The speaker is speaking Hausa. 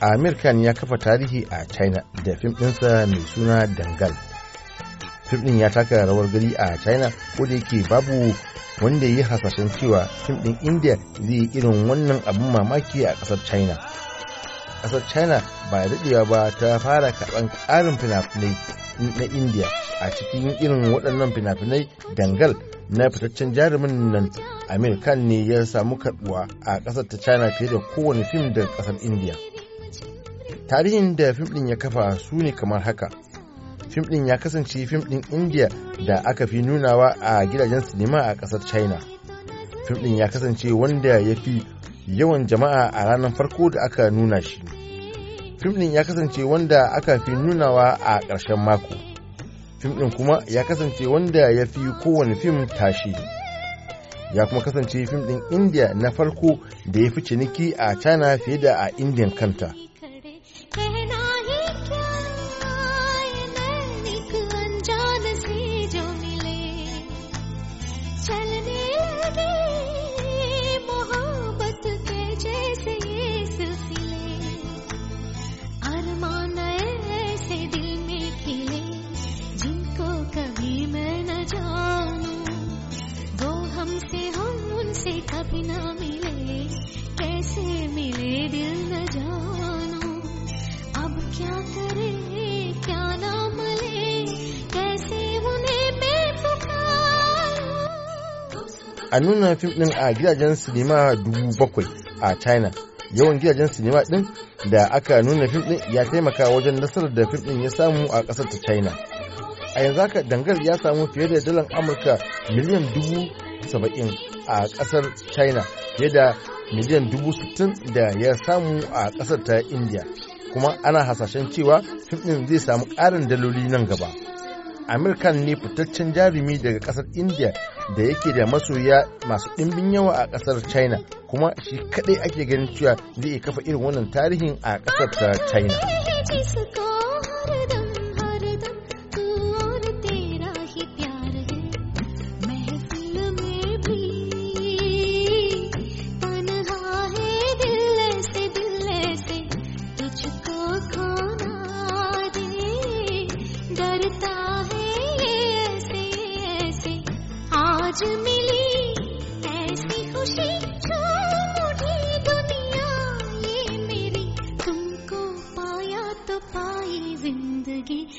amir khan ya kafa tarihi a china da fim ɗinsa mai suna dangal fim ɗin ya taka rawar gari a china ko da yake babu wanda ya hasashen cewa fim ɗin india zai yi irin wannan abin mamaki a ƙasar china ƙasar china ba daɗewa ba ta fara karɓar ƙarin fina-finai na india a cikin irin waɗannan fina-finai dangal na fitaccen jarumin nan amir khan ne ya samu karɓuwa a ƙasar ta china fiye da kowane fim daga ƙasar india tarihin da fim ɗin ya kafa su ne kamar haka fim ɗin ya kasance fim ɗin Indiya da aka fi nunawa a gidajen sinima a ƙasar china fim ɗin ya kasance wanda ya fi yawan jama'a a ranar farko da aka nuna shi fim ɗin ya kasance wanda aka fi nunawa a ƙarshen mako fim ɗin kuma ya kasance wanda ya fi kowane fim tashi ya kuma kasance fim ɗin Indiya na farko da ya fi ciniki a china fiye da a Indiyan kanta Baby. a nuna fim din a gidajen sinima dubu bakwai a china yawan gidajen sinima din da aka nuna fim din ya taimaka wajen nasarar da fim din ya samu a kasar ta china a yanzu haka dangar ya samu fiye da dalar amurka miliyan dubu saba'in a kasar china fiye da miliyan dubu sittin da ya samu a kasar ta india kuma ana hasashen cewa fim din zai samu ƙarin daloli nan gaba Amirkan ne fitaccen jarumi daga kasar india da yake da masoya masu ɗimbin yawa a kasar china kuma shi kaɗai ake ganin cewa zai iya kafa irin wannan tarihin a kasar ta china Come आज मिली ऐसी खुशी छो मुझे दुनिया ये मेरी तुमको पाया तो पाई जिंदगी